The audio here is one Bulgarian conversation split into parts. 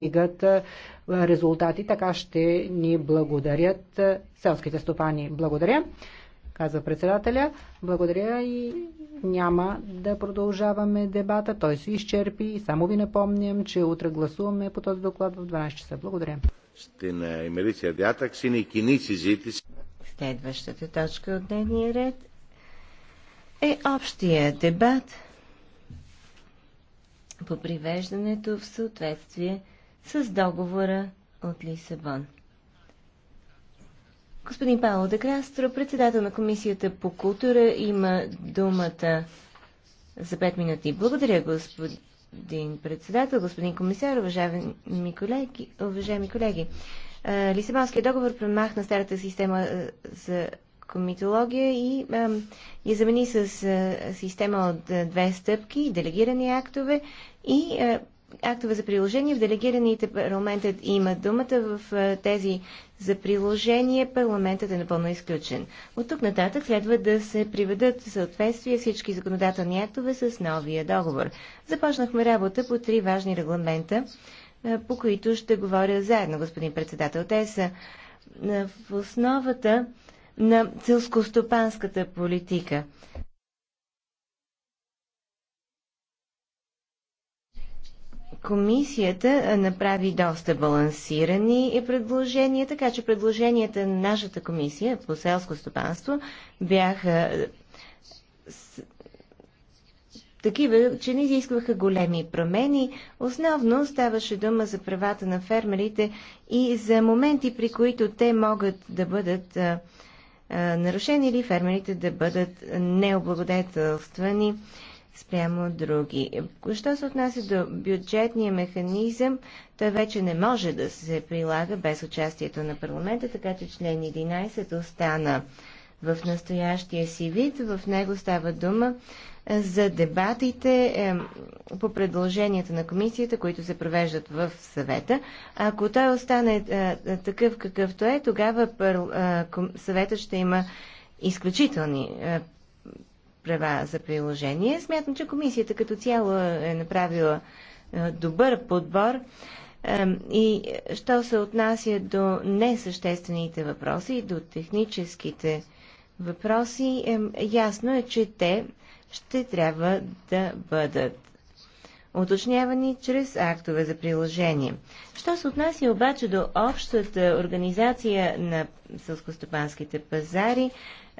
постигат резултати. Така ще ни благодарят селските стопани. Благодаря, казва председателя. Благодаря и няма да продължаваме дебата. Той се изчерпи. Само ви напомням, че утре гласуваме по този доклад в 12 часа. Благодаря. Στην Емилиция διάταξη сини η κοινή συζήτηση. Следващата точка от дневния ред е общия дебат по привеждането в съответствие с договора от Лисабон. Господин Павло Декрастро, председател на Комисията по култура, има думата за 5 минути. Благодаря, господин председател, господин комисар, уважаеми колеги. Уважаеми колеги. Лисабонският договор премахна старата система за комитология и я замени с система от две стъпки, делегирани актове и актове за приложение в делегираните парламентът има думата. В тези за приложение парламентът е напълно изключен. От тук нататък следва да се приведат в съответствие всички законодателни актове с новия договор. Започнахме работа по три важни регламента, по които ще говоря заедно, господин председател. Те са в основата на целскостопанската политика. Комисията направи доста балансирани е, предложения, така че предложенията на нашата комисия по селско стопанство бяха такива, че не изискваха големи промени. Основно ставаше дума за правата на фермерите и за моменти, при които те могат да бъдат а, а, нарушени или фермерите да бъдат необлагодетелствани спрямо други. Що се отнася до бюджетния механизъм, той вече не може да се прилага без участието на парламента, така че член 11 остана в настоящия си вид. В него става дума е, за дебатите е, по предложенията на комисията, които се провеждат в съвета. Ако той остане е, е такъв какъвто е, тогава пър, е, съветът ще има изключителни е, права за приложение. Смятам, че комисията като цяло е направила е, добър подбор. И що се отнася до несъществените въпроси и до техническите въпроси, ясно е, че те ще трябва да бъдат уточнявани чрез актове за приложение. Що се отнася обаче до общата организация на сълскостопанските пазари,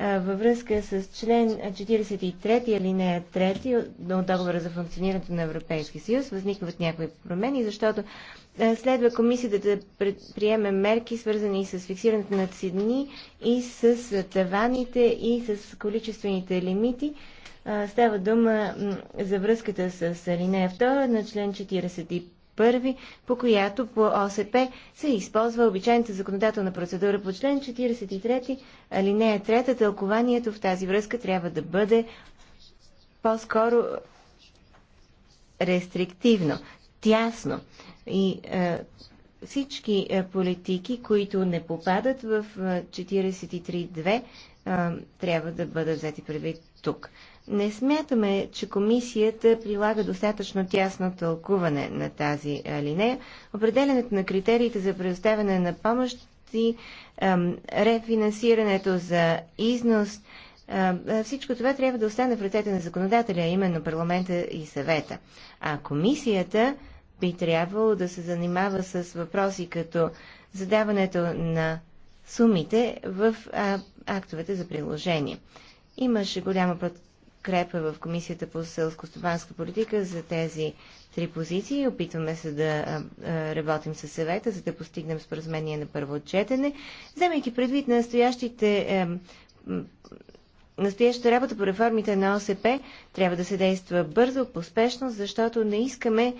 във връзка с член 43 алинея 3 от договора за функционирането на Европейския съюз възникват някои промени, защото следва комисията да приеме мерки, свързани с фиксирането на цени и с таваните и с количествените лимити. Става дума за връзката с алинея 2 на член 45 първи, по която по ОСП се използва обичайната законодателна процедура по член 43, алинея 3. Тълкованието в тази връзка трябва да бъде по-скоро рестриктивно, тясно и е, всички е, политики, които не попадат в 43.2, е, е, трябва да бъдат взети предвид тук. Не смятаме, че комисията прилага достатъчно тясно тълкуване на тази линея. Определенето на критериите за предоставяне на помощ и рефинансирането за износ, всичко това трябва да остане в ръцете на законодателя, именно парламента и съвета. А комисията би трябвало да се занимава с въпроси като задаването на сумите в а, актовете за приложение. Имаше голяма подкрепа в Комисията по селско-стопанска политика за тези три позиции. Опитваме се да а, работим със съвета, за да постигнем споразумение на първо отчетене. вземайки предвид на настоящите а, настоящата работа по реформите на ОСП трябва да се действа бързо, поспешно, защото не искаме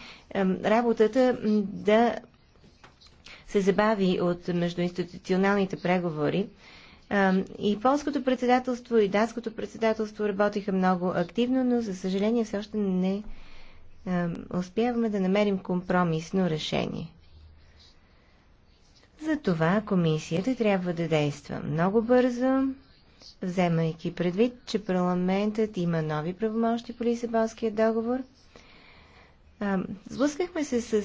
работата да се забави от междуинституционалните преговори. И полското председателство, и датското председателство работиха много активно, но за съжаление все още не успяваме да намерим компромисно решение. За това комисията трябва да действа много бързо, вземайки предвид, че парламентът има нови правомощи по Лисабонския договор. Сблъскахме се с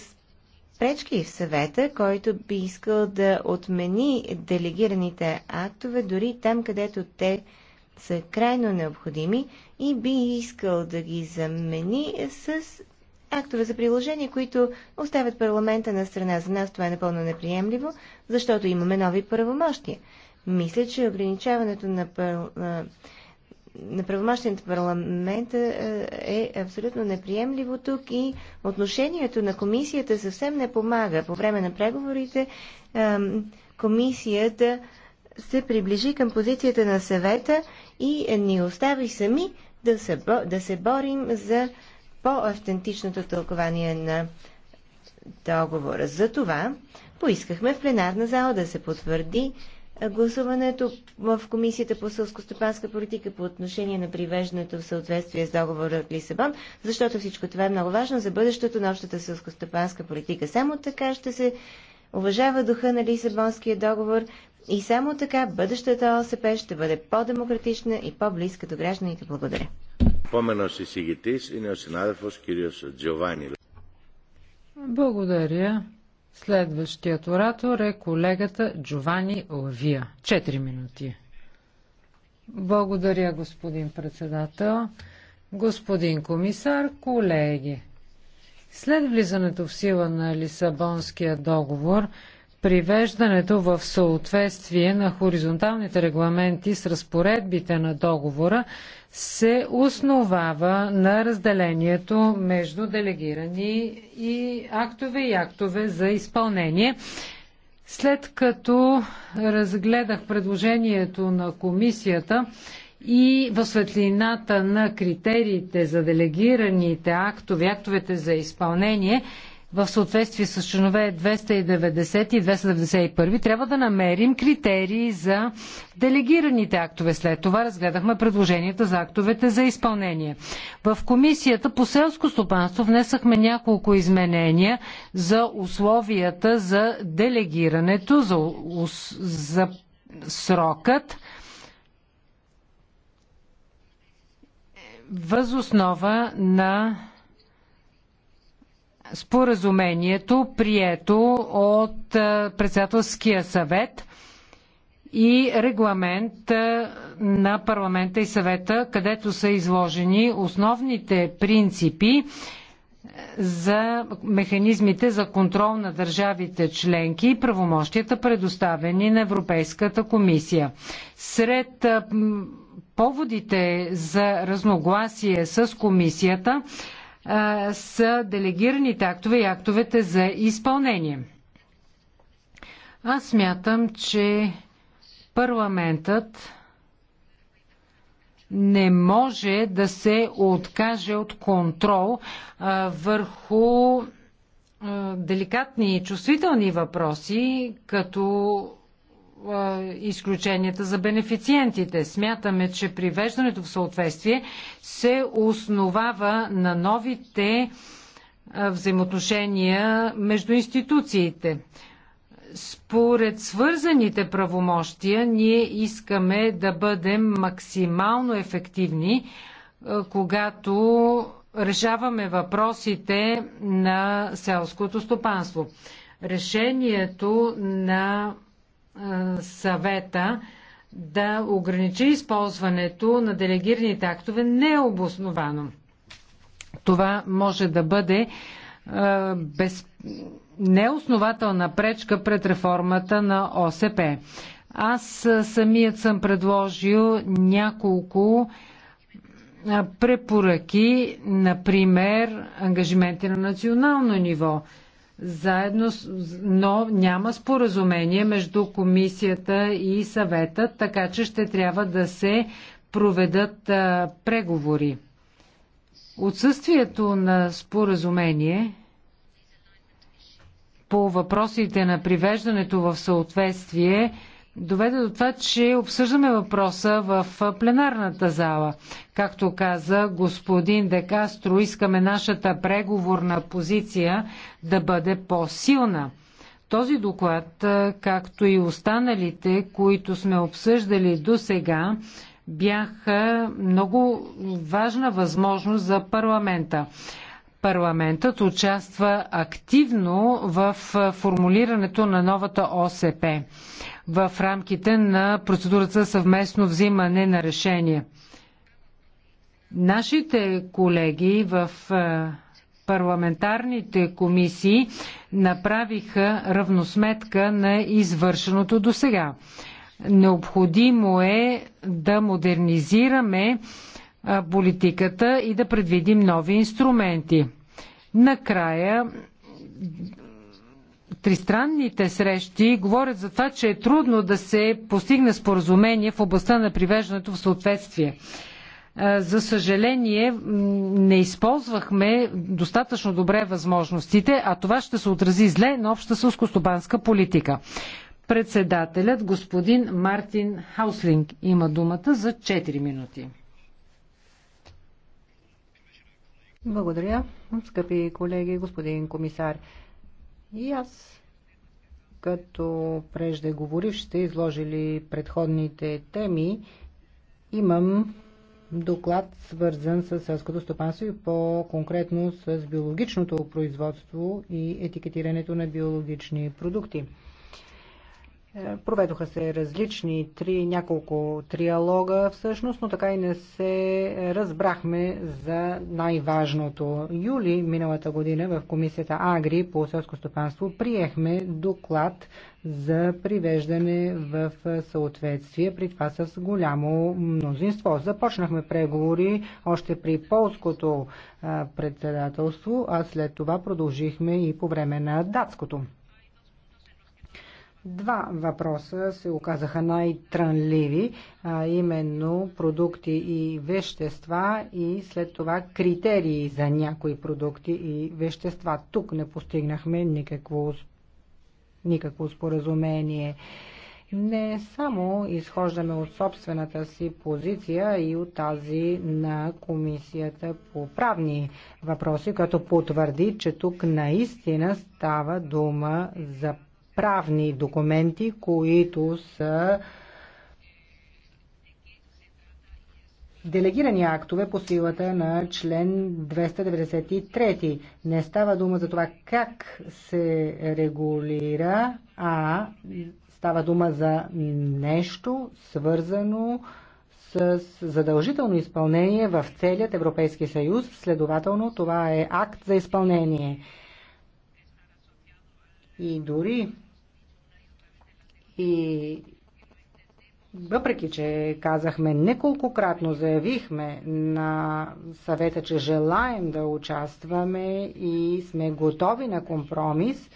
пречки в съвета, който би искал да отмени делегираните актове дори там, където те са крайно необходими и би искал да ги замени с актове за приложение, които оставят парламента на страна. За нас това е напълно неприемливо, защото имаме нови правомощия. Мисля, че ограничаването на, пар... на правомощията парламента е, е абсолютно неприемливо тук и отношението на комисията съвсем не помага. По време на преговорите комисията се приближи към позицията на съвета и ни остави сами да се, да се борим за по-автентичното тълкование на договора. За това поискахме в пленарна зала да се потвърди Гласуването в Комисията по сълскостопанска политика по отношение на привеждането в съответствие с договора от Лисабон, защото всичко това е много важно за бъдещето на общата сълскостопанска политика. Само така ще се уважава духа на Лисабонския договор и само така бъдещата ОСП ще бъде по-демократична и по-близка до гражданите. Благодаря. Благодаря. Следващият оратор е колегата Джовани Лавия. Четири минути. Благодаря, господин председател. Господин комисар, колеги, след влизането в сила на Лисабонския договор, привеждането в съответствие на хоризонталните регламенти с разпоредбите на договора се основава на разделението между делегирани и актове и актове за изпълнение. След като разгледах предложението на комисията и в светлината на критериите за делегираните актове, актовете за изпълнение, в съответствие с чинове 290 и 291, трябва да намерим критерии за делегираните актове. След това разгледахме предложенията за актовете за изпълнение. В комисията по селско стопанство внесахме няколко изменения за условията за делегирането, за, за срокът. Възоснова на споразумението, прието от председателския съвет и регламент на парламента и съвета, където са изложени основните принципи за механизмите за контрол на държавите членки и правомощията, предоставени на Европейската комисия. Сред поводите за разногласие с комисията са делегираните актове и актовете за изпълнение. Аз смятам, че парламентът не може да се откаже от контрол а, върху а, деликатни и чувствителни въпроси, като изключенията за бенефициентите. Смятаме, че привеждането в съответствие се основава на новите взаимоотношения между институциите. Според свързаните правомощия ние искаме да бъдем максимално ефективни, когато решаваме въпросите на селското стопанство. Решението на съвета да ограничи използването на делегираните актове не е обосновано. Това може да бъде без... неоснователна пречка пред реформата на ОСП. Аз самият съм предложил няколко препоръки, например, ангажименти на национално ниво – заедно, но няма споразумение между комисията и съвета, така че ще трябва да се проведат а, преговори. Отсъствието на споразумение по въпросите на привеждането в съответствие доведе до това, че обсъждаме въпроса в пленарната зала. Както каза господин Декастро, искаме нашата преговорна позиция да бъде по-силна. Този доклад, както и останалите, които сме обсъждали до сега, бяха много важна възможност за парламента. Парламентът участва активно в формулирането на новата ОСП в рамките на процедурата за съвместно взимане на решение. Нашите колеги в парламентарните комисии направиха равносметка на извършеното до сега. Необходимо е да модернизираме политиката и да предвидим нови инструменти. Накрая, тристранните срещи говорят за това, че е трудно да се постигне споразумение в областта на привеждането в съответствие. За съжаление, не използвахме достатъчно добре възможностите, а това ще се отрази зле на обща сълскостопанска политика. Председателят господин Мартин Хауслинг има думата за 4 минути. Благодаря, скъпи колеги, господин комисар. И аз, като преждеговорившите, изложили предходните теми, имам доклад, свързан с селското стопанство и по-конкретно с биологичното производство и етикетирането на биологични продукти. Е, проведоха се различни три, няколко триалога всъщност, но така и не се разбрахме за най-важното. Юли миналата година в комисията Агри по селско стопанство приехме доклад за привеждане в съответствие, при това с голямо мнозинство. Започнахме преговори още при полското председателство, а след това продължихме и по време на датското. Два въпроса се оказаха най-трънливи, а именно продукти и вещества и след това критерии за някои продукти и вещества. Тук не постигнахме никакво, никакво споразумение. Не само изхождаме от собствената си позиция и от тази на Комисията по правни въпроси, като потвърди, че тук наистина става дума за правни документи, които са делегирани актове по силата на член 293. Не става дума за това как се регулира, а става дума за нещо свързано с задължително изпълнение в целият Европейски съюз. Следователно, това е акт за изпълнение. И дори и въпреки, че казахме неколкократно, заявихме на съвета, че желаем да участваме и сме готови на компромис,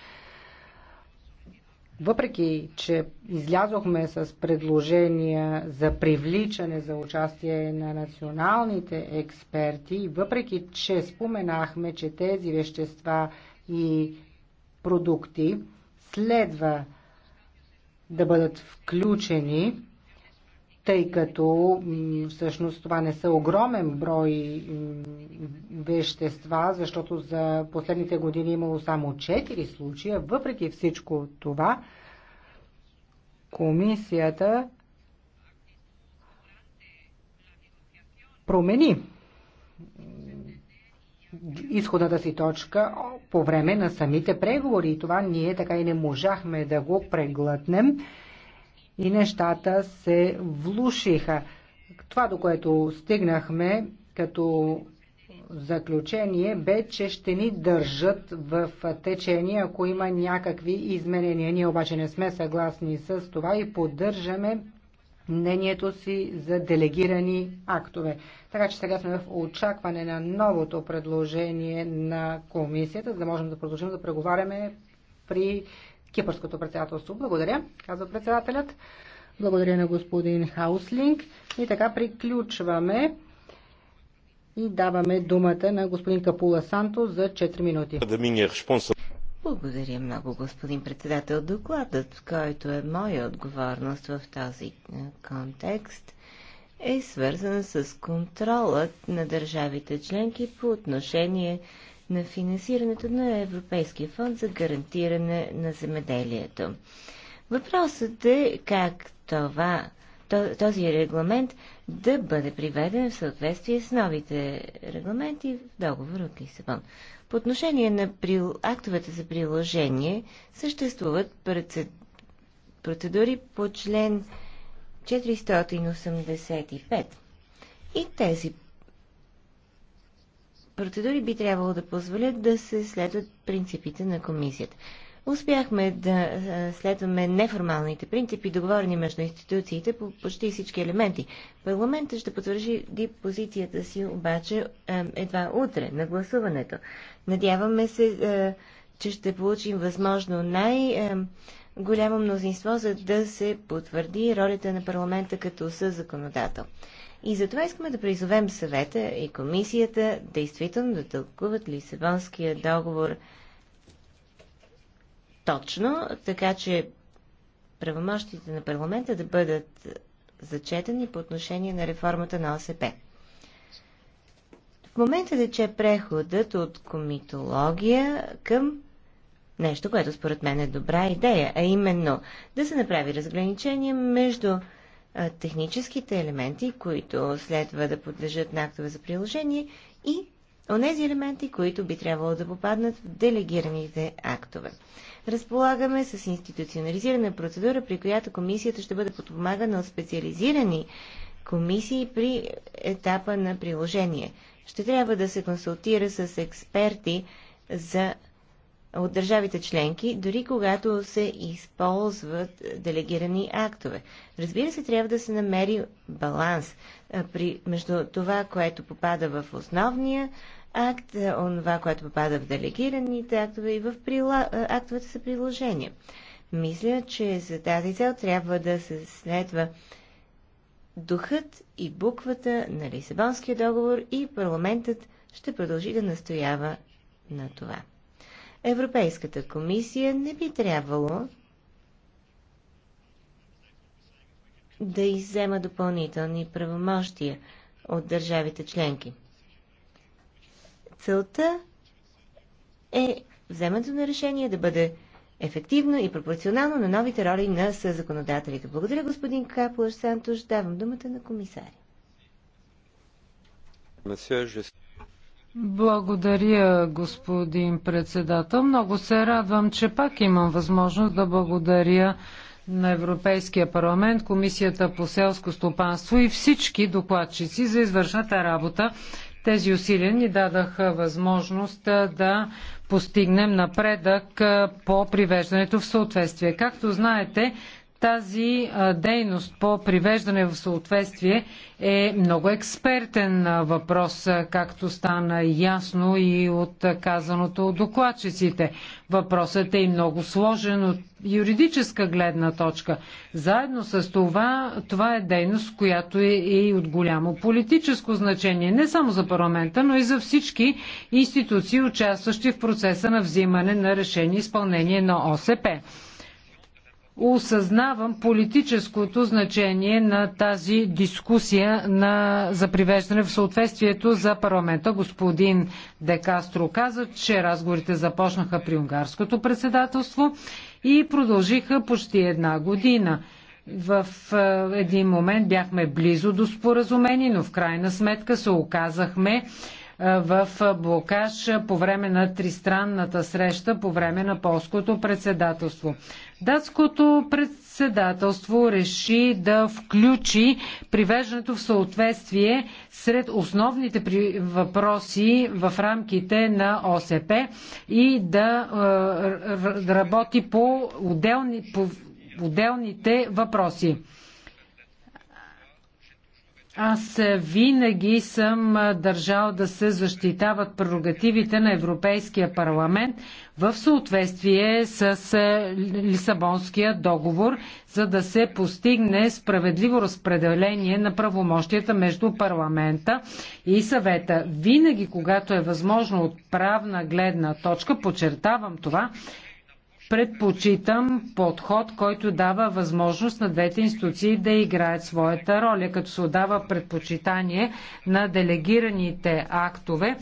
въпреки, че излязохме с предложения за привличане за участие на националните експерти, въпреки, че споменахме, че тези вещества и продукти следва да бъдат включени, тъй като всъщност това не са огромен брой вещества, защото за последните години е имало само 4 случая. Въпреки всичко това, комисията промени изходната си точка по време на самите преговори. И това ние така и не можахме да го преглътнем и нещата се влушиха. Това, до което стигнахме като заключение бе, че ще ни държат в течение, ако има някакви изменения. Ние обаче не сме съгласни с това и поддържаме мнението си за делегирани актове. Така че сега сме в очакване на новото предложение на комисията, за да можем да продължим да преговаряме при кипърското председателство. Благодаря, казва председателят. Благодаря на господин Хауслинг. И така приключваме и даваме думата на господин Капула Санто за 4 минути. Благодаря много, господин председател. Докладът, който е моя отговорност в този е, контекст, е свързан с контролът на държавите членки по отношение на финансирането на Европейския фонд за гарантиране на земеделието. Въпросът е как това, този регламент да бъде приведен в съответствие с новите регламенти в договор от Лисабон. По отношение на актовете за приложение съществуват процедури по член 485. И тези процедури би трябвало да позволят да се следват принципите на комисията. Успяхме да следваме неформалните принципи, договорени между институциите по почти всички елементи. Парламента ще потвържи позицията си обаче едва утре на гласуването. Надяваме се, че ще получим възможно най-голямо мнозинство, за да се потвърди ролята на парламента като съзаконодател. И затова искаме да призовем съвета и комисията действително да тълкуват Лисабонския договор точно, така че правомощите на парламента да бъдат зачетени по отношение на реформата на ОСП. В момента тече преходът от комитология към нещо, което според мен е добра идея, а именно да се направи разграничение между техническите елементи, които следва да подлежат на актове за приложение и онези елементи, които би трябвало да попаднат в делегираните актове. Разполагаме с институционализирана процедура, при която комисията ще бъде подпомагана от специализирани комисии при етапа на приложение. Ще трябва да се консултира с експерти за от държавите членки, дори когато се използват делегирани актове. Разбира се, трябва да се намери баланс при, между това, което попада в основния акт, е, онова, което попада в делегираните актове и в прила... Е, актовете са приложения. Мисля, че за тази цел трябва да се следва духът и буквата на Лисабонския договор и парламентът ще продължи да настоява на това. Европейската комисия не би трябвало да иззема допълнителни правомощия от държавите членки. Целта е вземането на решение да бъде ефективно и пропорционално на новите роли на съзаконодателите. Благодаря, господин Капуаш Сантош. Давам думата на комисаря. Благодаря, господин председател. Много се радвам, че пак имам възможност да благодаря на Европейския парламент, Комисията по селско стопанство и всички докладчици за извършната работа тези усилия ни дадаха възможност да постигнем напредък по привеждането в съответствие. Както знаете, тази дейност по привеждане в съответствие е много експертен въпрос, както стана ясно и от казаното от докладчиците. Въпросът е и много сложен от юридическа гледна точка. Заедно с това, това е дейност, която е, е и от голямо политическо значение, не само за парламента, но и за всички институции, участващи в процеса на взимане на решение и изпълнение на ОСП осъзнавам политическото значение на тази дискусия на, за привеждане в съответствието за парламента. Господин Декастро каза, че разговорите започнаха при унгарското председателство и продължиха почти една година. В е, един момент бяхме близо до споразумение, но в крайна сметка се оказахме в блокаж по време на тристранната среща по време на полското председателство. Датското председателство реши да включи привеждането в съответствие сред основните въпроси в рамките на ОСП и да работи по, отделни, по отделните въпроси. Аз винаги съм държал да се защитават прерогативите на Европейския парламент в съответствие с Лисабонския договор, за да се постигне справедливо разпределение на правомощията между парламента и съвета. Винаги, когато е възможно от правна гледна точка, подчертавам това, Предпочитам подход, който дава възможност на двете институции да играят своята роля, като се отдава предпочитание на делегираните актове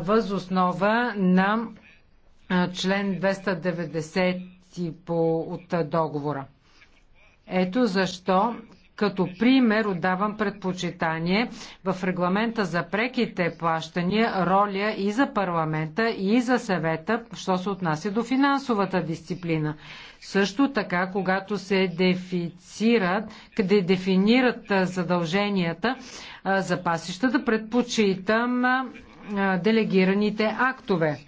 въз основа на член 290 по, от договора. Ето защо като пример отдавам предпочитание в регламента за преките плащания роля и за парламента, и за съвета, що се отнася до финансовата дисциплина. Също така, когато се дефицират, къде дефинират задълженията за пасищата, предпочитам делегираните актове.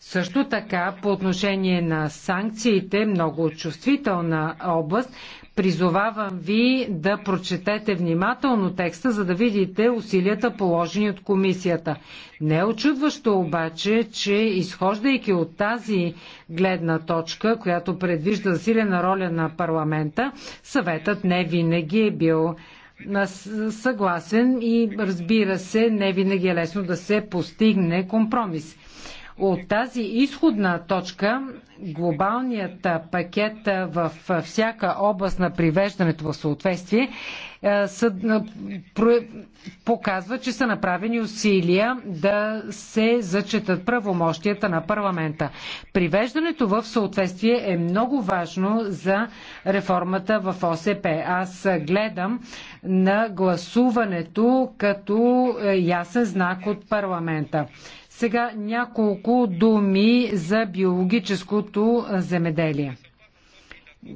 Също така, по отношение на санкциите, много чувствителна област, Призовавам ви да прочетете внимателно текста, за да видите усилията положени от комисията. Не е очудващо обаче, че изхождайки от тази гледна точка, която предвижда засилена роля на парламента, съветът не винаги е бил съгласен и разбира се, не винаги е лесно да се постигне компромис. От тази изходна точка глобалният пакет в всяка област на привеждането в съответствие показва, че са направени усилия да се зачетат правомощията на парламента. Привеждането в съответствие е много важно за реформата в ОСП. Аз гледам на гласуването като е, ясен знак от парламента. Сега няколко думи за биологическото земеделие.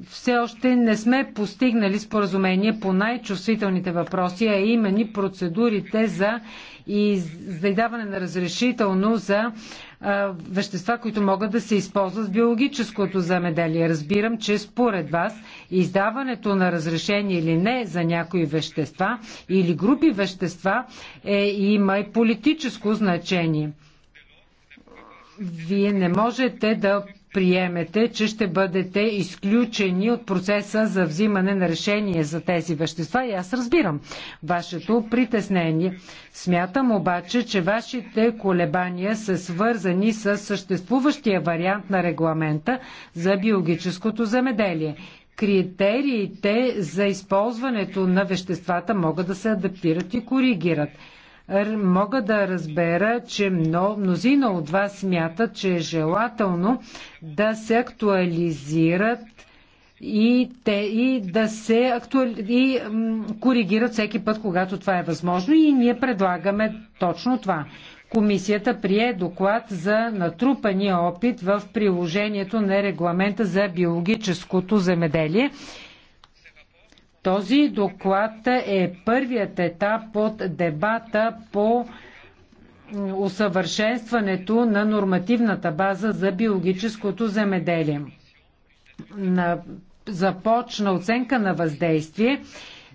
Все още не сме постигнали споразумение по най-чувствителните въпроси, а именно процедурите за издаване на разрешително за а, вещества, които могат да се използват в биологическото замеделие. Разбирам, че според вас издаването на разрешение или не за някои вещества или групи вещества е, има и политическо значение вие не можете да приемете, че ще бъдете изключени от процеса за взимане на решение за тези вещества и аз разбирам вашето притеснение. Смятам обаче, че вашите колебания са свързани с съществуващия вариант на регламента за биологическото земеделие. Критериите за използването на веществата могат да се адаптират и коригират мога да разбера, че много, мнозина от вас смятат, че е желателно да се актуализират и, те, и да се актуали... и, коригират всеки път, когато това е възможно и ние предлагаме точно това. Комисията прие доклад за натрупания опит в приложението на регламента за биологическото земеделие този доклад е първият етап от дебата по усъвършенстването на нормативната база за биологическото земеделие. На, започна оценка на въздействие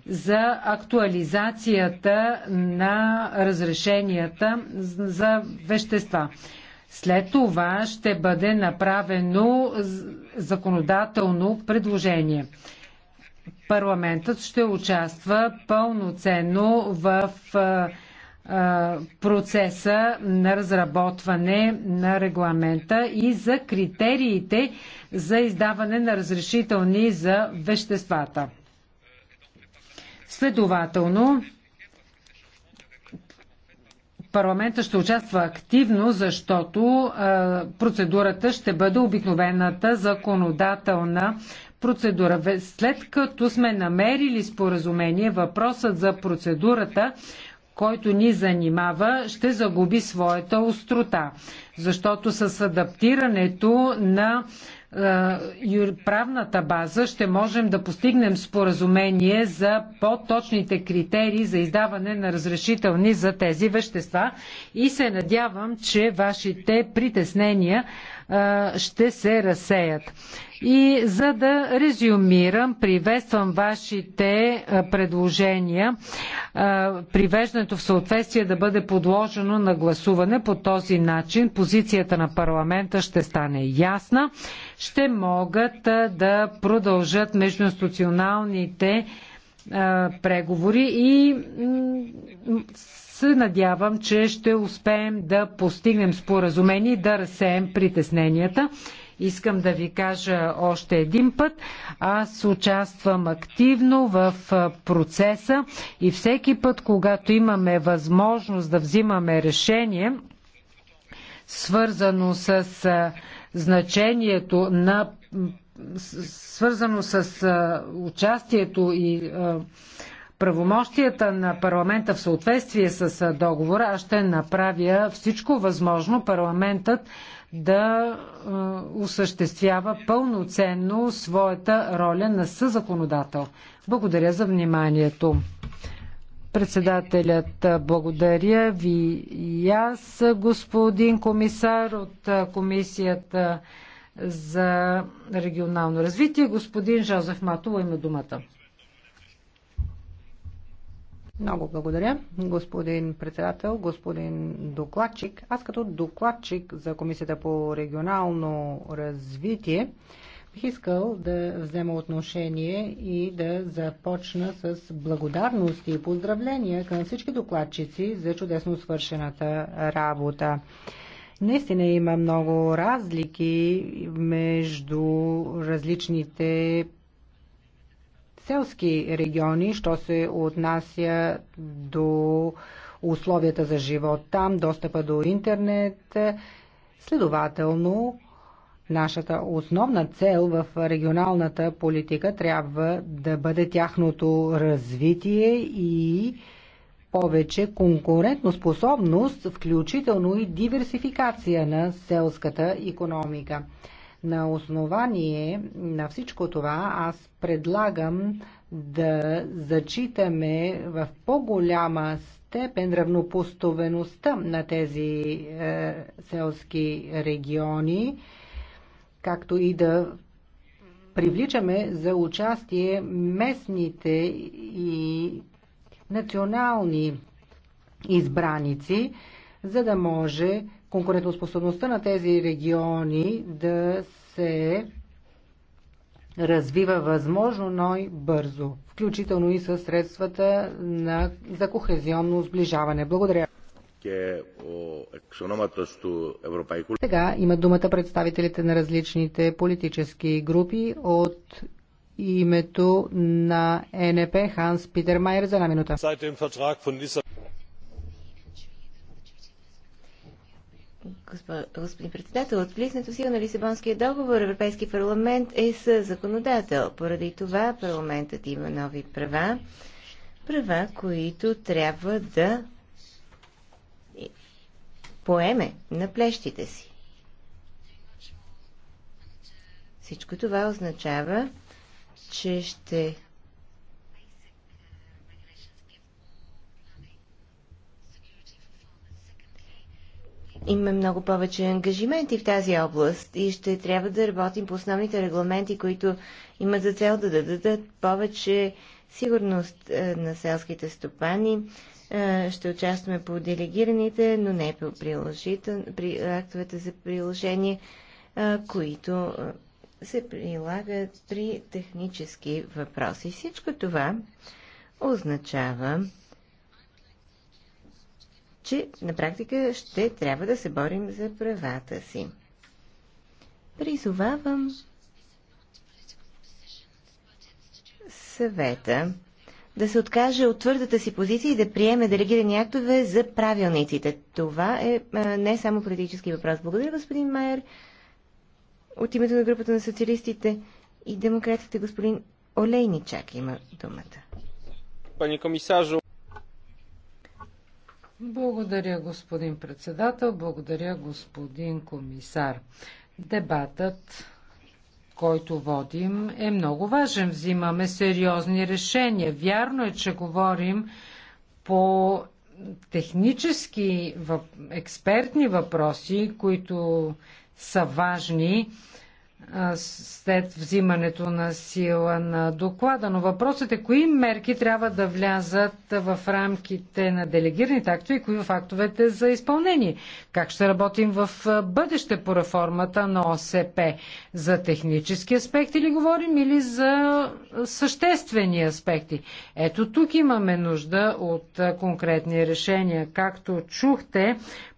за актуализацията на разрешенията за вещества. След това ще бъде направено законодателно предложение парламентът ще участва пълноценно в процеса на разработване на регламента и за критериите за издаване на разрешителни за веществата. Следователно, парламента ще участва активно, защото процедурата ще бъде обикновената законодателна процедура. След като сме намерили споразумение, въпросът за процедурата който ни занимава, ще загуби своята острота. Защото с адаптирането на правната база ще можем да постигнем споразумение за по-точните критерии за издаване на разрешителни за тези вещества и се надявам, че вашите притеснения ще се разсеят. И за да резюмирам, приветствам вашите предложения. Привеждането в съответствие да бъде подложено на гласуване по този начин. Позицията на парламента ще стане ясна. Ще могат да продължат междуинституционалните преговори и се надявам, че ще успеем да постигнем споразумение и да разсеем притесненията. Искам да ви кажа още един път. Аз участвам активно в процеса и всеки път, когато имаме възможност да взимаме решение, свързано с значението на свързано с участието и правомощията на парламента в съответствие с договора, аз ще направя всичко възможно парламентът да осъществява пълноценно своята роля на съзаконодател. Благодаря за вниманието. Председателят, благодаря ви и аз, господин комисар от Комисията за регионално развитие. Господин Жозеф Матова има думата. Много благодаря, господин председател, господин докладчик. Аз като докладчик за Комисията по регионално развитие бих искал да взема отношение и да започна с благодарности и поздравления към всички докладчици за чудесно свършената работа. Наистина има много разлики между различните селски региони, що се отнася до условията за живот там, достъпа до интернет. Следователно, Нашата основна цел в регионалната политика трябва да бъде тяхното развитие и повече конкурентоспособност, включително и диверсификация на селската економика. На основание на всичко това аз предлагам да зачитаме в по-голяма степен равнопоставеността на тези е, селски региони, както и да привличаме за участие местните и национални избраници, за да може конкурентоспособността на тези региони да се развива възможно но и бързо включително и със средствата на, за кохезионно сближаване. Благодаря. Сега имат думата представителите на различните политически групи от името на НП Ханс Питер Майер за една минута. господин председател, от влизането сила на Лисабонския договор Европейски парламент е със законодател. Поради това парламентът има нови права, права, които трябва да поеме на плещите си. Всичко това означава, че ще има много повече ангажименти в тази област и ще трябва да работим по основните регламенти, които имат за цел да дадат повече сигурност е, на селските стопани. Е, ще участваме по делегираните, но не по при актовете за приложение, е, които се прилагат при технически въпроси. Всичко това означава, че на практика ще трябва да се борим за правата си. Призовавам съвета да се откаже от твърдата си позиция и да приеме делегирани актове за правилниците. Това е не само политически въпрос. Благодаря, господин Майер. От името на групата на социалистите и демократите, господин Олейничак има думата. Пани комисажо. Благодаря, господин председател. Благодаря, господин комисар. Дебатът, който водим, е много важен. Взимаме сериозни решения. Вярно е, че говорим по технически експертни въпроси, които са важни след взимането на сила на доклада. Но въпросът е кои мерки трябва да влязат в рамките на делегираните актове и кои в актовете за изпълнение. Как ще работим в бъдеще по реформата на ОСП? За технически аспекти ли говорим или за съществени аспекти? Ето тук имаме нужда от конкретни решения. Както чухте,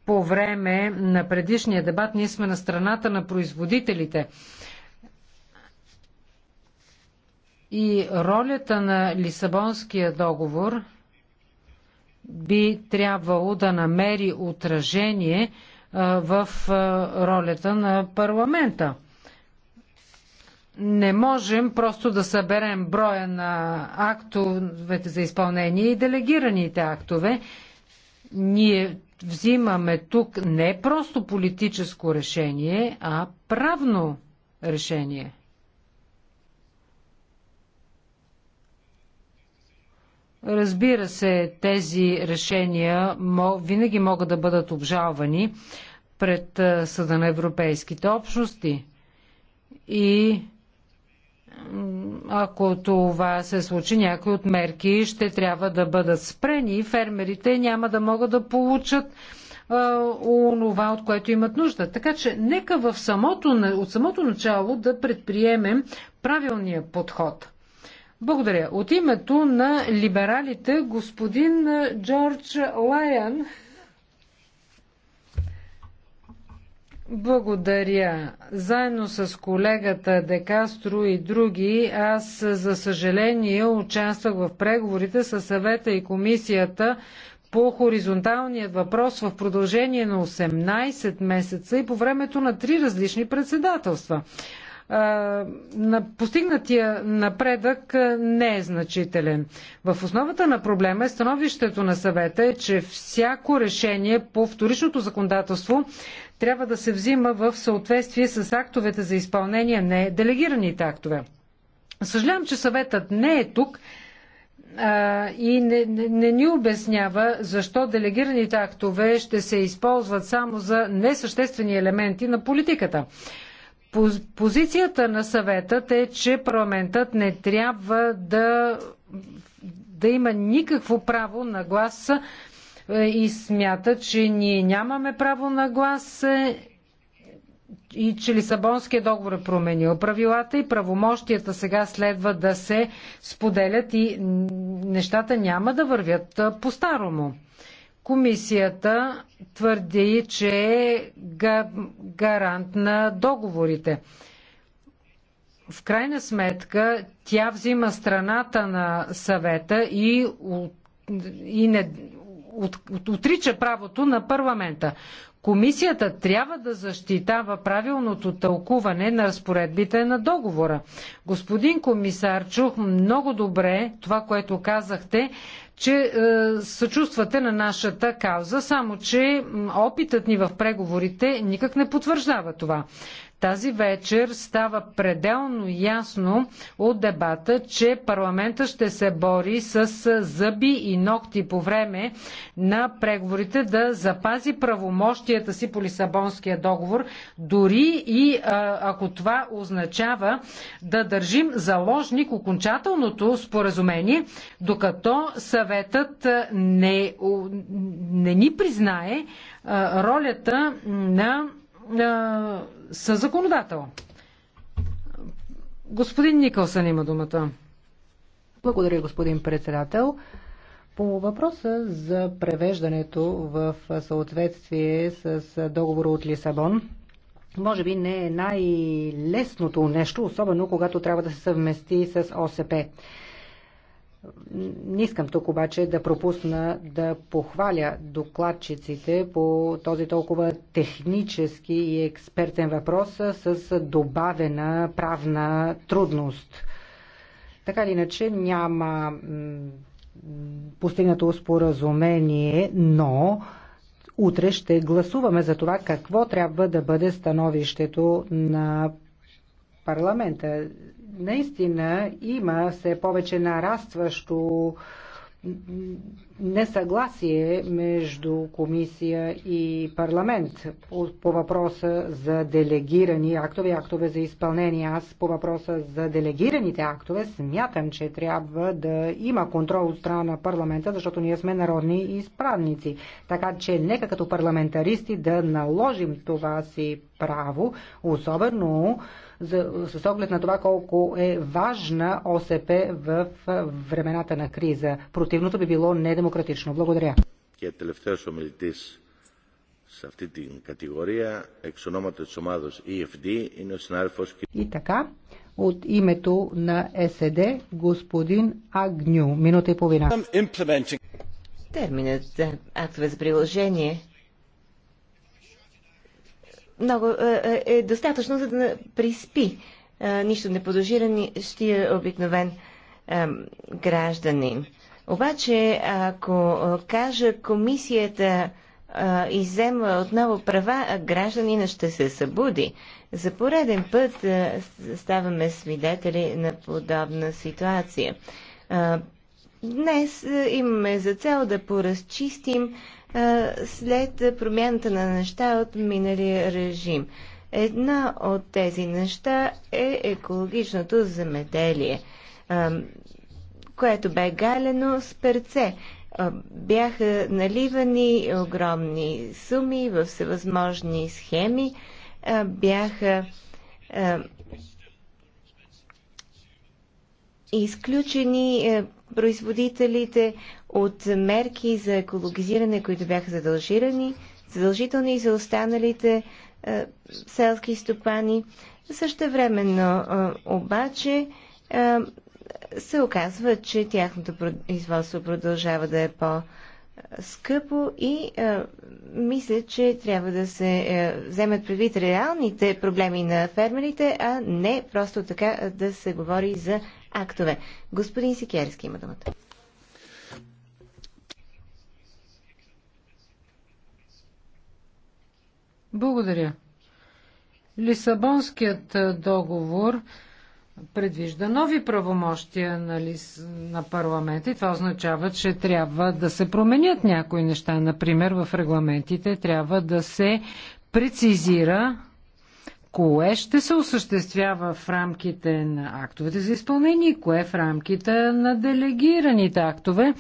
по време на предишния дебат ние сме на страната на производителите. И ролята на Лисабонския договор би трябвало да намери отражение в ролята на парламента. Не можем просто да съберем броя на актовете за изпълнение и делегираните актове. Ние взимаме тук не просто политическо решение, а правно решение. Разбира се, тези решения винаги могат да бъдат обжалвани пред Съда на Европейските общности и ако това се случи, някои от мерки ще трябва да бъдат спрени и фермерите няма да могат да получат онова, от което имат нужда. Така че нека в самото, от самото начало да предприемем правилния подход. Благодаря. От името на либералите господин Джордж Лайан. Благодаря. Заедно с колегата Декастро и други, аз за съжаление участвах в преговорите с съвета и комисията по хоризонталният въпрос в продължение на 18 месеца и по времето на три различни председателства на постигнатия напредък не е значителен. В основата на проблема е становището на съвета е, че всяко решение по вторичното законодателство трябва да се взима в съответствие с актовете за изпълнение, не делегираните актове. Съжалявам, че съветът не е тук а, и не, не, не ни обяснява защо делегираните актове ще се използват само за несъществени елементи на политиката. Позицията на съветът е, че парламентът не трябва да, да има никакво право на глас е, и смята, че ние нямаме право на глас е, и че Лисабонския договор е променил правилата и правомощията сега следва да се споделят и нещата няма да вървят е, по-старому. Комисията твърди, че е гарант на договорите. В крайна сметка тя взима страната на съвета и, и не, от, от, отрича правото на парламента. Комисията трябва да защитава правилното тълкуване на разпоредбите на договора. Господин комисар, чух много добре това, което казахте, че е, съчувствате на нашата кауза, само че опитът ни в преговорите никак не потвърждава това. Тази вечер става пределно ясно от дебата, че парламента ще се бори с зъби и ногти по време на преговорите да запази правомощията си по Лисабонския договор, дори и ако това означава да държим заложник окончателното споразумение, докато съветът не, не ни признае ролята на са законодател. Господин Никълсън има думата. Благодаря, господин председател. По въпроса за превеждането в съответствие с договора от Лисабон, може би не е най-лесното нещо, особено когато трябва да се съвмести с ОСП. Не искам тук обаче да пропусна да похваля докладчиците по този толкова технически и експертен въпрос с добавена правна трудност. Така или иначе няма постигнато споразумение, но утре ще гласуваме за това какво трябва да бъде становището на парламента наистина има все повече нарастващо несъгласие между комисия и парламент по, въпроса за делегирани актове и актове за изпълнение. Аз по въпроса за делегираните актове смятам, че трябва да има контрол от страна на парламента, защото ние сме народни изправници. Така че нека като парламентаристи да наложим това си право, особено за, с оглед на това колко е важна ОСП в времената на криза. Противното би било недемократично демократично. Благодаря. Και τελευταίος ομιλητής σε αυτή την κατηγορία, εξ ονόματος της ομάδος EFD είναι ο συνάδελφος... И така, от името на СД, господин Агню. Минута и половина. Терминът за актове за приложение много е, е, е достатъчно, за да приспи е, нищо неподозиран, ще е обикновен е, гражданин. Обаче, ако кажа комисията иззема отново права, гражданина ще се събуди. За пореден път ставаме свидетели на подобна ситуация. днес имаме за цел да поразчистим след промяната на неща от миналия режим. Една от тези неща е екологичното замеделие което бе галено с перце. Бяха наливани огромни суми в всевъзможни схеми, бяха изключени производителите от мерки за екологизиране, които бяха задължирани, задължителни и за останалите селски стопани. Също времено обаче се оказва, че тяхното производство продължава да е по-скъпо и а, е, мисля, че трябва да се а, е, вземат предвид реалните проблеми на фермерите, а не просто така е, да се говори за актове. Господин Сикерски има думата. Благодаря. Лисабонският договор предвижда нови правомощия нали, на парламента и това означава, че трябва да се променят някои неща. Например, в регламентите трябва да се прецизира кое ще се осъществява в рамките на актовете за изпълнение и кое в рамките на делегираните актове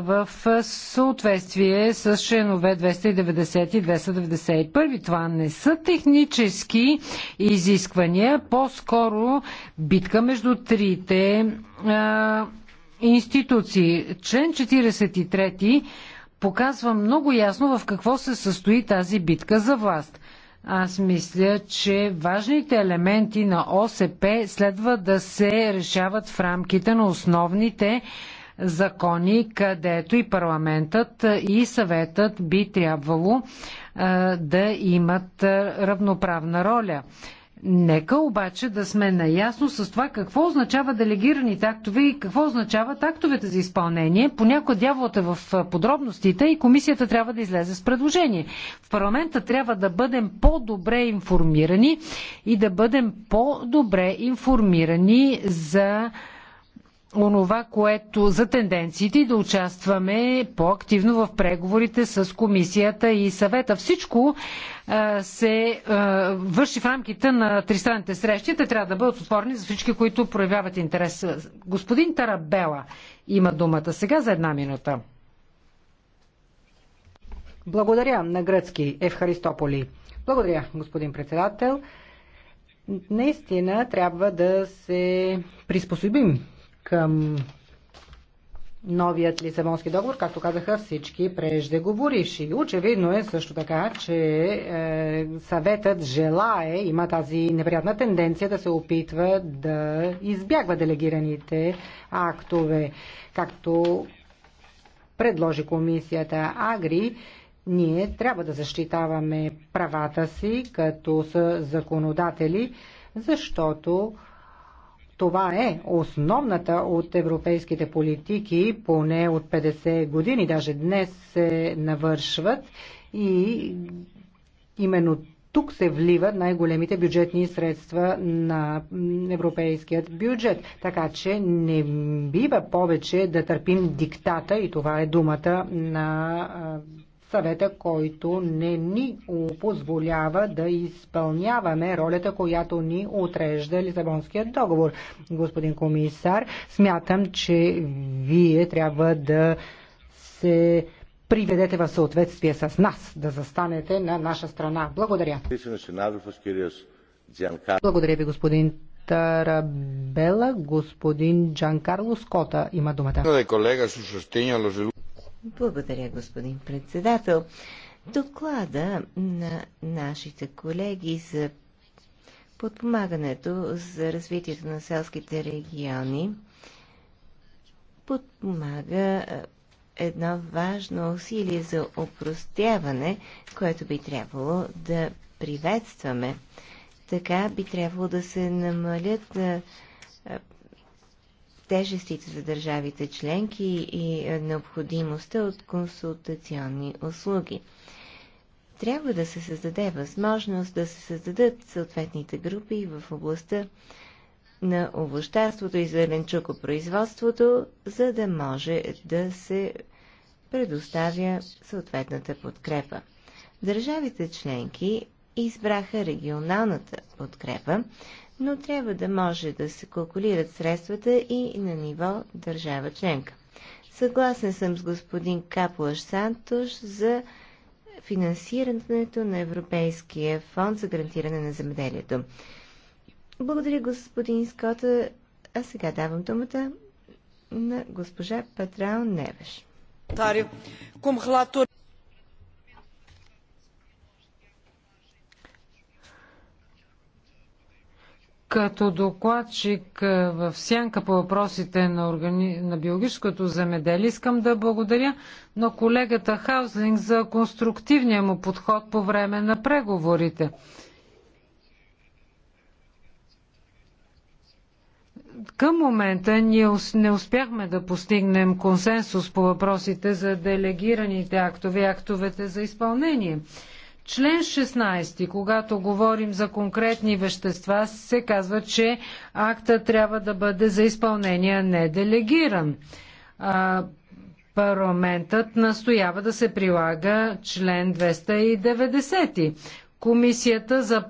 в съответствие с членове 290 и 291. Това не са технически изисквания, по-скоро битка между трите институции. Член 43 показва много ясно в какво се състои тази битка за власт. Аз мисля, че важните елементи на ОСП следва да се решават в рамките на основните закони, където и парламентът и съветът би трябвало да имат равноправна роля. Нека обаче да сме наясно с това какво означава делегираните актове и какво означават актовете за изпълнение. Понякога дяволът е в подробностите и комисията трябва да излезе с предложение. В парламента трябва да бъдем по-добре информирани и да бъдем по-добре информирани за онова, което за тенденциите и да участваме по-активно в преговорите с комисията и съвета. Всичко а, се а, върши в рамките на тристранните срещи. Те трябва да бъдат отворени за всички, които проявяват интерес. Господин Тарабела има думата сега за една минута. Благодаря на гръцки Евхаристополи. Благодаря, господин председател. Наистина трябва да се приспособим към новият Лисабонски договор, както казаха всички преждеговориши. Очевидно е също така, че е, съветът желае, има тази неприятна тенденция да се опитва да избягва делегираните актове, както предложи комисията Агри ние трябва да защитаваме правата си като са законодатели, защото това е основната от европейските политики, поне от 50 години, даже днес се навършват и именно тук се вливат най-големите бюджетни средства на европейският бюджет. Така че не бива повече да търпим диктата и това е думата на съвета, който не ни позволява да изпълняваме ролята, която ни отрежда Лисабонският договор. Господин комисар, смятам, че вие трябва да се приведете в съответствие с нас, да застанете на наша страна. Благодаря. Благодаря ви, господин Тарабела. Господин Джанкарло Скота има думата. Благодаря, господин председател. Доклада на нашите колеги за подпомагането за развитието на селските региони подпомага едно важно усилие за опростяване, което би трябвало да приветстваме. Така би трябвало да се намалят тежестите за държавите членки и е, необходимостта от консултационни услуги. Трябва да се създаде възможност да се създадат съответните групи в областта на овощарството и зеленчукопроизводството, за да може да се предоставя съответната подкрепа. Държавите членки избраха регионалната подкрепа, но трябва да може да се калкулират средствата и на ниво държава членка. Съгласен съм с господин Капуаш Сантош за финансирането на Европейския фонд за гарантиране на земеделието. Благодаря, господин Скота. А сега давам думата на госпожа Петра Невеш. Като докладчик е, в сянка по въпросите на, органи... на биологическото земеделие, искам да благодаря на колегата Хаузлинг за конструктивния му подход по време на преговорите. Към момента ние не успяхме да постигнем консенсус по въпросите за делегираните актове и актовете за изпълнение. Член 16, когато говорим за конкретни вещества, се казва, че акта трябва да бъде за изпълнение, не делегиран. А, парламентът настоява да се прилага член 290. Комисията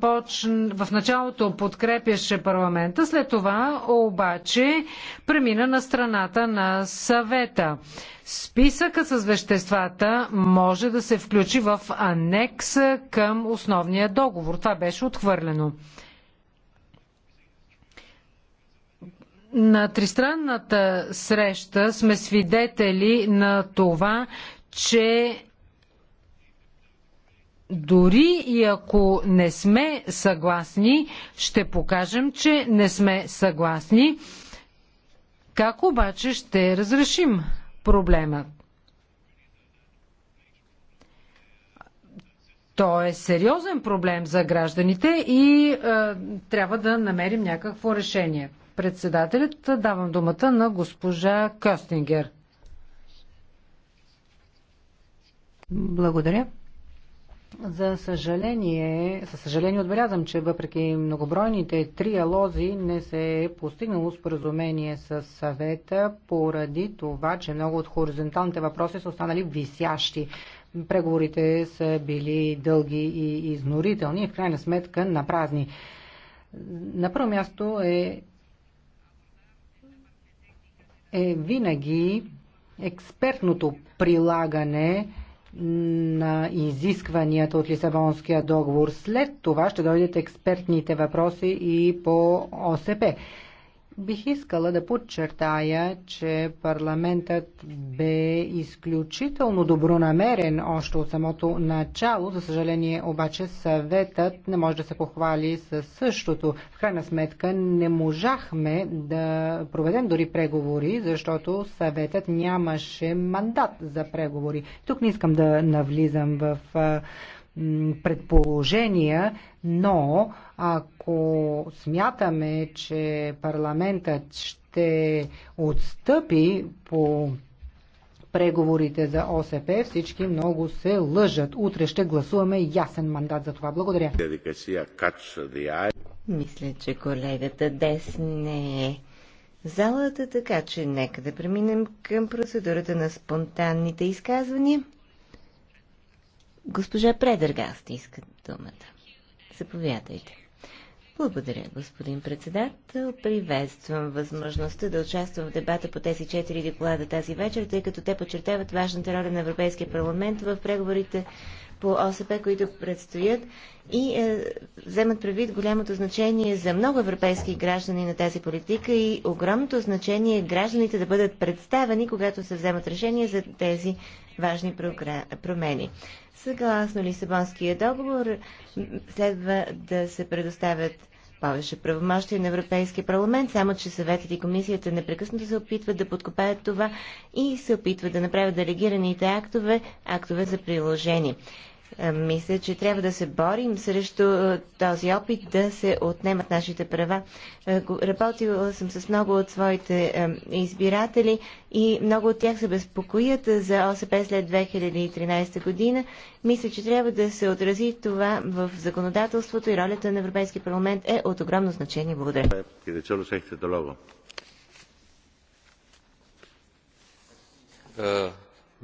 в началото подкрепяше парламента, след това обаче премина на страната на съвета. Списъка с веществата може да се включи в анекс към основния договор. Това беше отхвърлено. На тристранната среща сме свидетели на това, че дори и ако не сме съгласни, ще покажем, че не сме съгласни. Как обаче ще разрешим проблема? То е сериозен проблем за гражданите и е, трябва да намерим някакво решение. Председателят давам думата на госпожа Костингер. Благодаря. За съжаление, със съжаление отбелязвам, че въпреки многобройните триалози не се е постигнало споразумение с съвета поради това, че много от хоризонталните въпроси са останали висящи. Преговорите са били дълги и изнорителни и в крайна сметка на празни. На първо място е, е винаги експертното прилагане на изискванията от Лисабонския договор. След това ще дойдат експертните въпроси и по ОСП. Бих искала да подчертая, че парламентът бе изключително добронамерен още от самото начало. За съжаление обаче съветът не може да се похвали със същото. В крайна сметка не можахме да проведем дори преговори, защото съветът нямаше мандат за преговори. Тук не искам да навлизам в предположения, но ако смятаме, че парламентът ще отстъпи по преговорите за ОСП, всички много се лъжат. Утре ще гласуваме ясен мандат за това. Благодаря. Мисля, че колегата Дес не е залата, така че нека да преминем към процедурата на спонтанните изказвания. Госпожа Предъргаст иска думата. Заповядайте. Благодаря, господин председател. Приветствам възможността да участвам в дебата по тези четири доклада тази вечер, тъй като те подчертават важната роля на Европейския парламент в преговорите по ОСП, които предстоят и е, вземат предвид голямото значение за много европейски граждани на тази политика и огромното значение гражданите да бъдат представени, когато се вземат решения за тези важни промени. Съгласно Лисабонския договор следва да се предоставят повече правомощи на Европейския парламент, само че съветът и комисията непрекъснато се опитват да подкопаят това и се опитват да направят делегираните актове, актове за приложение. Е, мисля, че трябва да се борим срещу е, този опит да се отнемат нашите права. Е, работила съм с много от своите избиратели и много от тях се безпокоят за ОСП след 2013 година. Мисля, че трябва да се отрази това в законодателството и ролята на Европейския парламент е от огромно значение. Благодаря.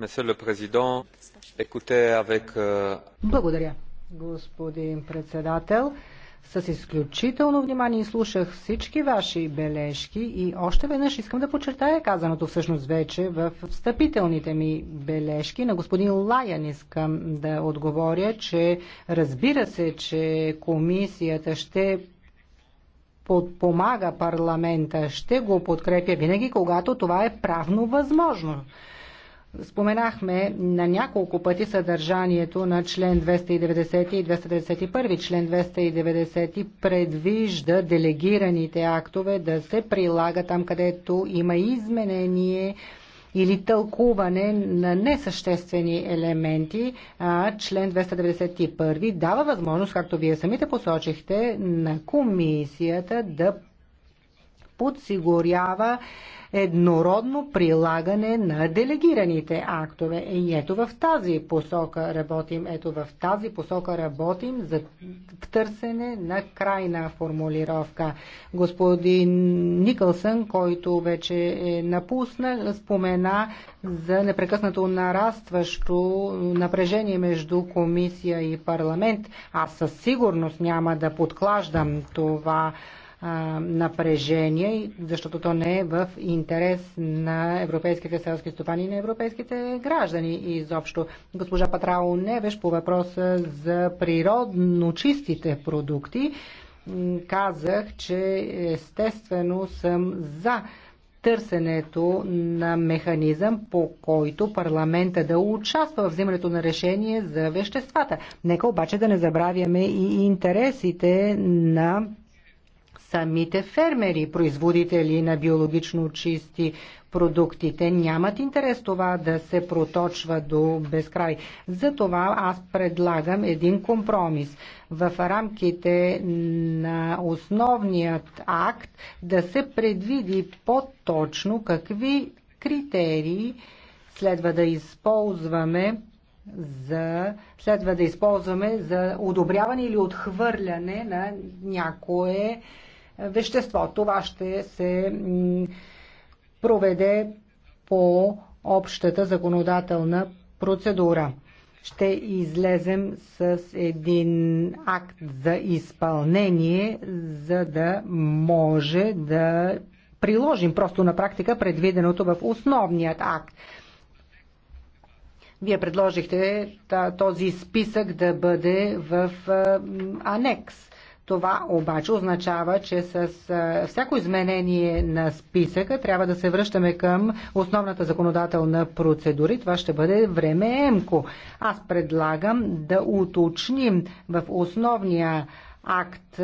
Euh, Благодаря, господин председател. С изключително внимание слушах всички ваши бележки и още веднъж искам да подчертая казаното всъщност вече в встъпителните ми бележки. На господин Лаян искам да отговоря, че разбира се, че комисията ще подпомага парламента, ще го подкрепя винаги, когато това е правно възможно. Споменахме на няколко пъти съдържанието на член 290 и 291. Член 290 предвижда делегираните актове да се прилага там, където има изменение или тълкуване на несъществени елементи, а член 291 дава възможност, както вие самите посочихте, на комисията да подсигурява еднородно прилагане на делегираните актове. И ето в тази посока работим, ето в тази посока работим за търсене на крайна формулировка. Господин Никълсън, който вече е напусна, спомена за непрекъснато нарастващо напрежение между комисия и парламент. Аз със сигурност няма да подклаждам това а, напрежение, защото то не е в интерес на европейските селски стопани и на европейските граждани изобщо. Госпожа Патрао Невеш по въпроса за природно чистите продукти казах, че естествено съм за търсенето на механизъм, по който парламента да участва в взимането на решение за веществата. Нека обаче да не забравяме и интересите на самите фермери, производители на биологично чисти продуктите, нямат интерес това да се проточва до безкрай. Затова аз предлагам един компромис в рамките на основният акт да се предвиди по-точно какви критерии следва да използваме за, следва да използваме за одобряване или отхвърляне на някое вещество. Това ще се проведе по общата законодателна процедура. Ще излезем с един акт за изпълнение, за да може да приложим просто на практика предвиденото в основният акт. Вие предложихте този списък да бъде в анекс. Това обаче означава, че с всяко изменение на списъка трябва да се връщаме към основната законодателна процедура и това ще бъде времеемко. Аз предлагам да уточним в основния акт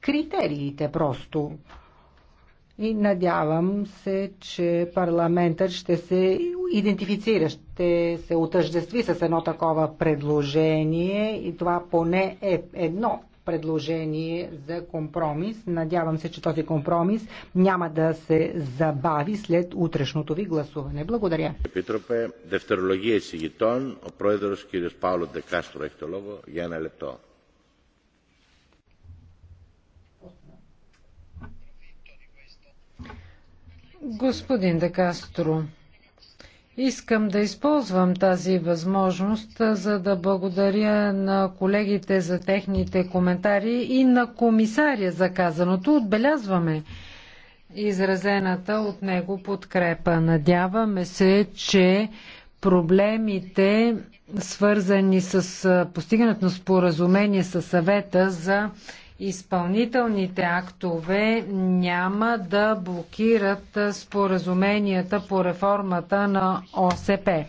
критериите просто. И надявам се, че парламентът ще се идентифицира, ще се отъждестви с едно такова предложение и това поне е едно предложение за компромис. Надявам се, че този компромис няма да се забави след утрешното ви гласуване. Благодаря. Епитропе, дефтерология си ги тон, κ. Παύλο Ντεκάστρο έχει το λόγο για ένα λεπτό. Господин Декастро, Искам да използвам тази възможност, за да благодаря на колегите за техните коментари и на комисаря за казаното. Отбелязваме изразената от него подкрепа. Надяваме се, че проблемите, свързани с постигането на споразумение с съвета за изпълнителните актове няма да блокират споразуменията по реформата на ОСП.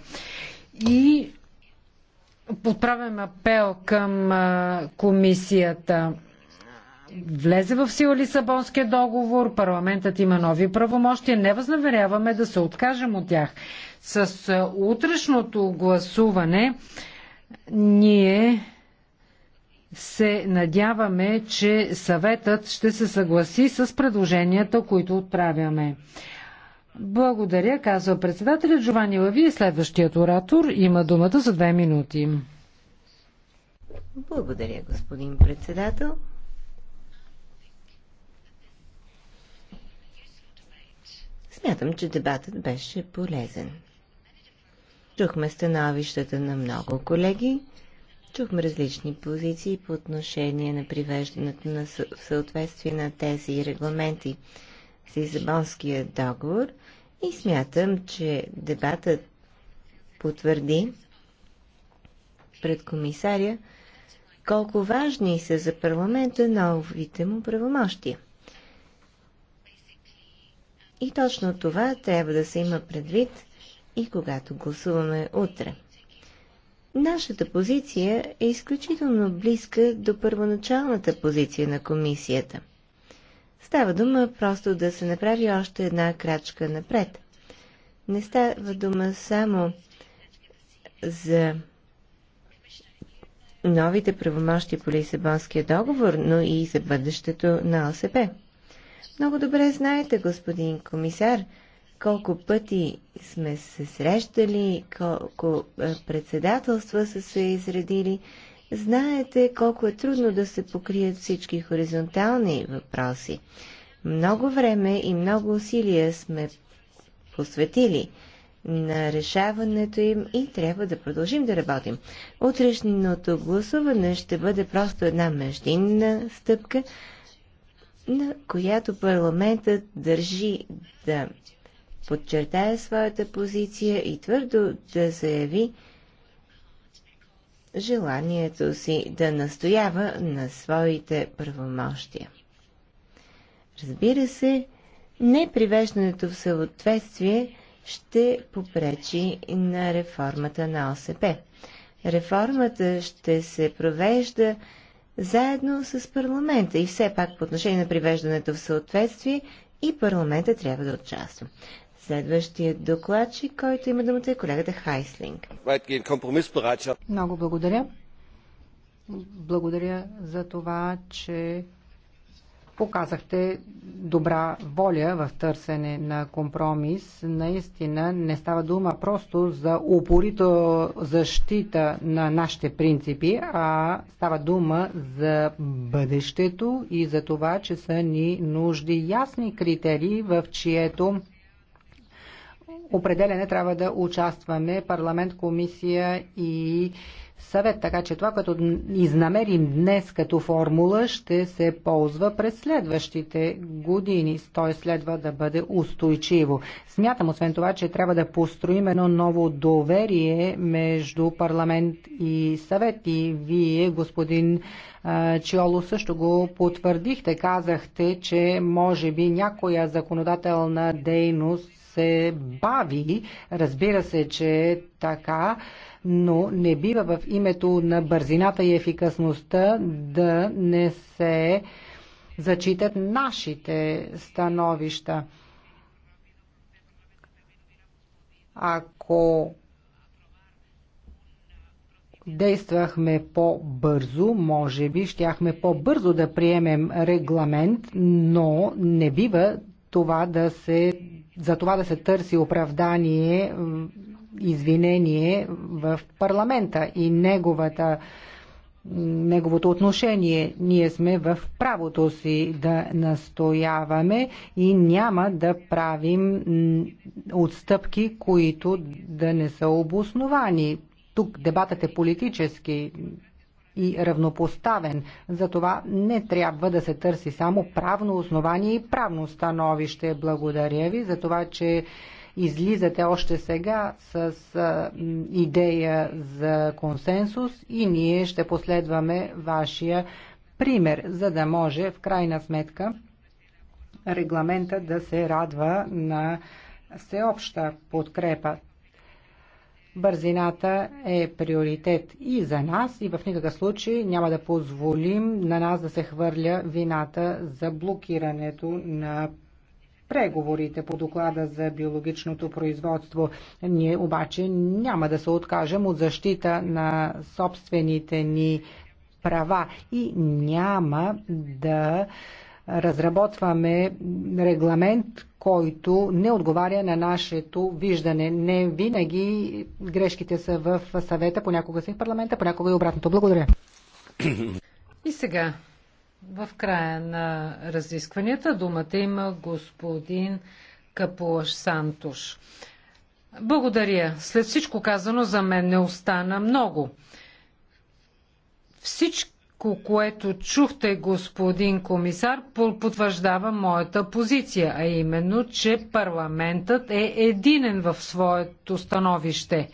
И подправям апел към комисията. Влезе в сила Лисабонския договор, парламентът има нови правомощия, не възнаверяваме да се откажем от тях. С утрешното гласуване ние се надяваме, че съветът ще се съгласи с предложенията, които отправяме. Благодаря, казва председателят Джовани Лави. Следващият оратор има думата за две минути. Благодаря, господин председател. Смятам, че дебатът беше полезен. Чухме становищата на много колеги Чухме различни позиции по отношение на привеждането на в съответствие на тези регламенти с Лизабонския договор и смятам, че дебатът потвърди пред комисаря колко важни са за парламента новите му правомощия. И точно това трябва да се има предвид и когато гласуваме утре. Нашата позиция е изключително близка до първоначалната позиция на комисията. Става дума просто да се направи още една крачка напред. Не става дума само за новите правомощи по Лисабонския договор, но и за бъдещето на ОСП. Много добре знаете, господин комисар, колко пъти сме се срещали, колко е, председателства са се изредили. Знаете колко е трудно да се покрият всички хоризонтални въпроси. Много време и много усилия сме посветили на решаването им и трябва да продължим да работим. Утрешното гласуване ще бъде просто една междинна стъпка, на която парламентът държи да подчертая своята позиция и твърдо да заяви желанието си да настоява на своите правомощия. Разбира се, непривеждането в съответствие ще попречи на реформата на ОСП. Реформата ще се провежда заедно с парламента и все пак по отношение на привеждането в съответствие и парламента трябва да участва. Следващият докладчик, който има думата е колегата Хайслинг. Много благодаря. Благодаря за това, че показахте добра воля в търсене на компромис. Наистина не става дума просто за упорито защита на нашите принципи, а става дума за бъдещето и за това, че са ни нужди ясни критерии, в чието определене трябва да участваме парламент, комисия и съвет. Така че това, като изнамерим днес като формула, ще се ползва през следващите години. Той следва да бъде устойчиво. Смятам, освен това, че трябва да построим едно ново доверие между парламент и съвет. И вие, господин Чиоло, също го потвърдихте. Казахте, че може би някоя законодателна дейност се бави. Разбира се, че е така, но не бива в името на бързината и ефикасността да не се зачитат нашите становища. Ако действахме по-бързо, може би щяхме по-бързо да приемем регламент, но не бива това да се за това да се търси оправдание, извинение в парламента и неговата неговото отношение. Ние сме в правото си да настояваме и няма да правим отстъпки, които да не са обосновани. Тук дебатът е политически и равнопоставен. Затова не трябва да се търси само правно основание и правно становище. Благодаря ви за това, че излизате още сега с а, идея за консенсус и ние ще последваме вашия пример, за да може в крайна сметка регламента да се радва на всеобща подкрепа бързината е приоритет и за нас, и в никакъв случай няма да позволим на нас да се хвърля вината за блокирането на преговорите по доклада за биологичното производство. Ние обаче няма да се откажем от защита на собствените ни права и няма да разработваме регламент, който не отговаря на нашето виждане. Не винаги грешките са в съвета, понякога са и в парламента, понякога и обратното. Благодаря. И сега, в края на разискванията, думата има господин Капуаш Сантуш. Благодаря. След всичко казано за мен не остана много. Всички всичко, което чухте, господин комисар, потвърждава моята позиция, а именно, че парламентът е единен в своето становище.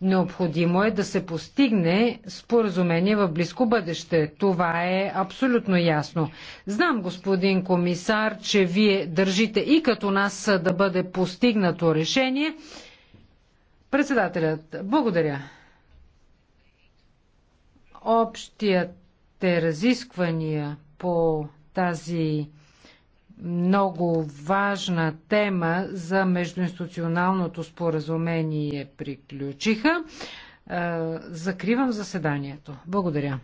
Необходимо е да се постигне споразумение в близко бъдеще. Това е абсолютно ясно. Знам, господин комисар, че вие държите и като нас да бъде постигнато решение. Председателят, благодаря. Общият проведохте разисквания по тази много важна тема за междуинституционалното споразумение приключиха. Е, закривам заседанието. Благодаря.